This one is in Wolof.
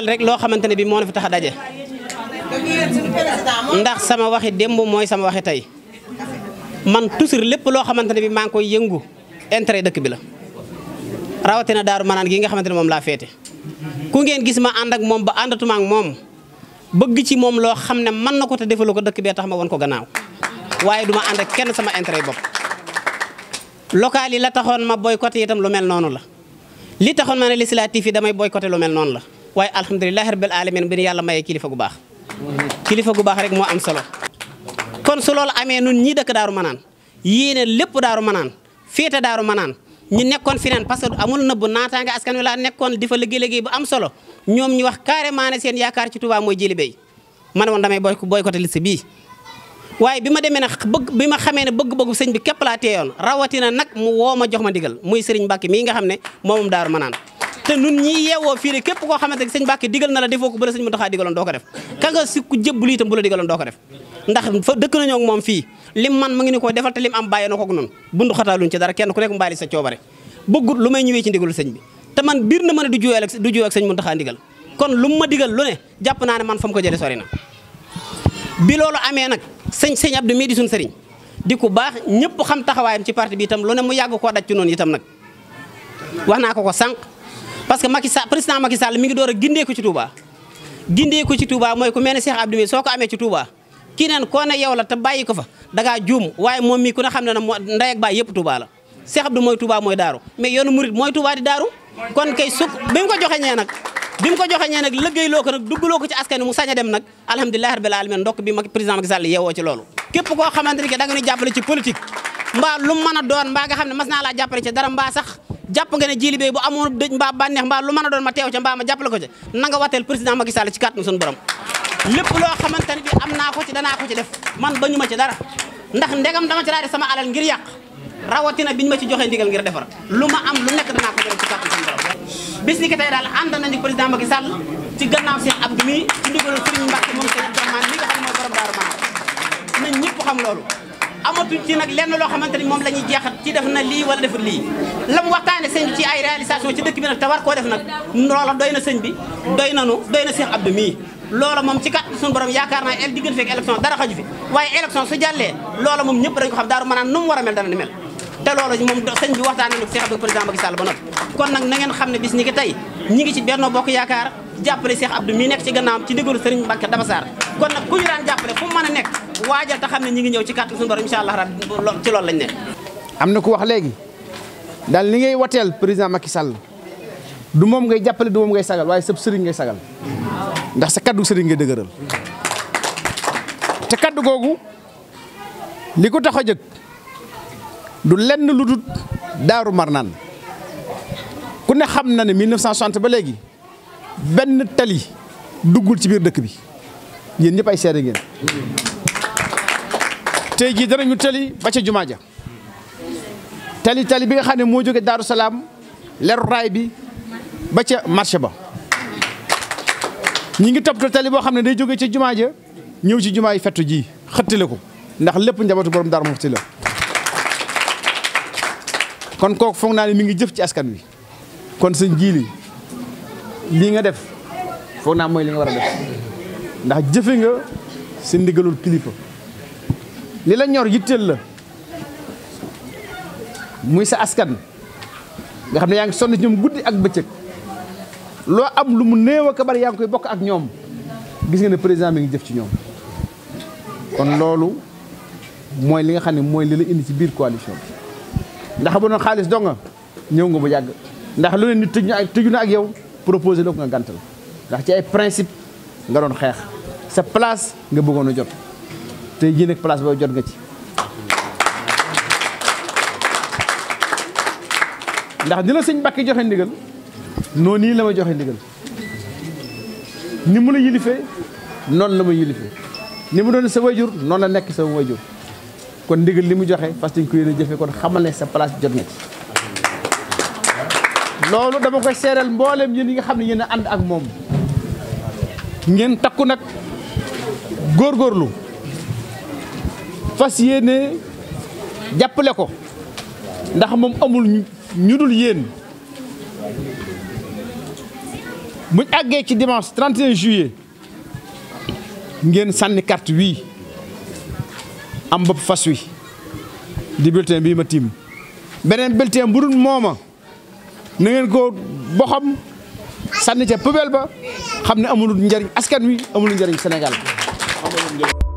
leeral rek loo xamante ne bi moo na fi tax a daje ndax sama waxi démb mooy sama waxi tey man toujours lépp loo xamante ne bi maa ngi koy yëngu intérêt dëkk bi la rawatina daaru manaan gi nga xamante ne moom laa féete ku ngeen gis ma ànd ak moom ba àndatuma ak moom bëgg ci moom loo xam ne mën na ko te defalu ko dëkk bee tax ma won ko gannaaw waaye duma ànd ak kenn sama intérêt bopp local yi la taxoon ma boycotté itam lu mel noonu la li taxoon ma ne législatif noonu la waaye alhamdulilahi rabbil alamin bi nu yàlla mayee kilifa gu baax kilifa gu baax rek moo am solo kon su loolu amee nun ñii dëkk daaru manaan yéene lépp daaru manaan féete daaru manaan ñu nekkoon fineen parce que amul nëbb naataange askan wi laa nekkoon di fa liggéey-liggéey bu am solo ñoom ñu wax carrément ne seen yaakaar ci Touba mooy Djily Beye man woon damay ko boycotté liste bii waaye bi ma demee ne bëgg bi ma xamee ne bëgg-bëggu sëñ bi képp laa teeyoon rawatina nag mu woo ma jox ma ndigal muy sëriñ Mbàkke mii nga xam ne moomum daaru manaan te nun ñi yeewoo fii de képp koo xamante ne sëñ Mbàkke digal na la defoo ko bu la sëñ Muntaxa digaloon doo ko def ka si ku jëbblu itam bu la digaloon doo ko def ndax fa dëkk nañoo moom fii lim man mu ngi ni ko defal te lim am bàyyi na ko ak noonu bundu xataaluñ kenn ku sa coobare bëggut lu may ñëwee ci ndigalu sëñ bi te man biir na mën a du juyoo ak du juyoo ak sëñ Muntaxa ndigal kon lu ma digal lu ne jàpp naa ne man fa ko jële sori na bi loolu amee nag sëñ sëñ Abdou mii di suñ sëriñ di ku baax ñëpp xam taxawaayam ci parti bi itam lu ne mu yàgg koo daj ci noonu itam nag wax naa ko ko sànq parce que Macky Sall président Macky Sall door a gindee ko ci Touba gindee ko ci Touba mooy ku mel ne Cheikh Abdou mi soo ko amee ci Touba kii naan koo ne yow la te bàyyi ko fa dangaa juum waaye moom mii ku ne xam ne ne moo ndey ak baay yëpp Touba la Cheikh Abdou mooy Touba mooy daaru mais yoonu murit mooy Touba di daaru kon kay suk bi mu ko joxe ñee nag bi mu ko joxe ñee nag liggéey loo nag duggaloo ko ci askan mu sañ a dem nag alhamdulilah rabbil alamin ndokk loolu képp koo xamante ni que da nga ñu jàppale ci politique mbaa lu mën a doon jàpp nga ne jili bay bu amoon dëj mbaa bànneex mbaa lu mën a doon ma teew ca mbaa ma jàppale ko ca na nga wateel président Macky Sall ci kàttanu suñu naa ko ci danaa ko ci def man ba ma ci dara ndax ndegam dama ci daa sama alal ngir yàq rawatina biñ ma ci joxee ndigal ngir defar lu ma am lu nekk danaa ko def ci kàttanu suñu borom bis ni ki tey daal ànd nañu président Macky Sall ci xam mooy borom Daaru Manaan nañ ñëpp xam loolu amatuñ ci nag lenn loo xamante ni moom la ñuy jeexal ci def na lii wala deful lii la waxtaane sëñ bi ci ay réalisation ci dëkk bi nag te war koo def nag loola doy na sëñ bi doy na nu doy na mii loola moom ci kàttan suñu borom yaakaar naa el dara xaju fi waaye élection su jàllee loola moom ñëpp dañu ko mel te loolu moom sëñ bi waxtaane na Cheikh Abdou président Macky kon nag na xam ne bis ñi tey ñi ngi ci Benno Bokk Yaakaar jàppale Cheikh Abdou mii nekk ci gannaawam ci ndigalu kon nag ku ñu jàppale fu mu a nekk waajal te xam ne ñi ngi ñëw ci kàttan suñu borom incha allah rabbi ci loolu lañ nekk. am na ku wax léegi daal li ngay wateel président Macky Sall du moom ngay jàppale du moom ngay sagal waaye sëb sëriñ ngay sagal ndax sa kaddu sëriñ ngay dëgëral te kaddu googu li ko tax a jëg du lenn lu dul daaru marnaan ku ne xam na ne 1960 ba léegi benn tali duggul ci biir dëkk bi. yéen ñëpp ay seede ngeen tey jii danañu tali ba ca jumaa ja tali tali bi nga xam ne moo jóge Daaru Salaam leru raay bi ba ca marché ba ñu ngi toppatoo tali boo xam ne day jóge ca jumaa ja ñëw ci jumaa yi fettu ji xëttale ko ndax lépp njabootu borom Daaru Muxti la kon kook foog naa ne mi ngi jëf ci askan wi kon sëñ jii li lii nga def foog naa mooy li nga war a def ndax jëfe nga si ndigalul kilifa li la ñor yitteel la muy sa askan nga xam ne yaa ngi sonn ci ñoom guddi ak bëccëg loo am lu mu néew a kabar yaa ngi koy bokk ak ñoom gis nga ne président mi ngi jëf ci ñoom kon loolu mooy li nga xam ne mooy li la indi ci biir coalition bi ndax ba doon xaalis dong nga ñëw nga bu yàgg ndax lu ne nit tëju na ak yow proposé la ko nga gàntal ndax ci ay principe nga doon xeex sa place nga bëggoon a jot tey jii nag place boobu jot nga ci. ndax ni la sëñ Mbàkke joxe ndigal noonu nii la ma joxe ndigal ni mu la yilifee noonu la ma yilifee ni mu doon sa wajur noonu la nekk sa wajur kon ndigal li mu joxe fas dañ ko yéen a jëfee kon xamal ne sa place jot nga ci. loolu dama koy seeral mbooleem yéen yi nga xam ne yéen ànd ak moom ngeen takku nag góor góorlu fas yéene jàppale ko ndax moom amul ñu dul yéen buñ àggee ci dimanche 31 juillet ngeen sànni carte wii am bopp fas wi di bulletin bii ma tiim beneen bulletin bu mooma na ngeen ko boxam sànni ca poubelle ba xam ne amulul njariñ askan wi amulul njariñ Sénégal xam nga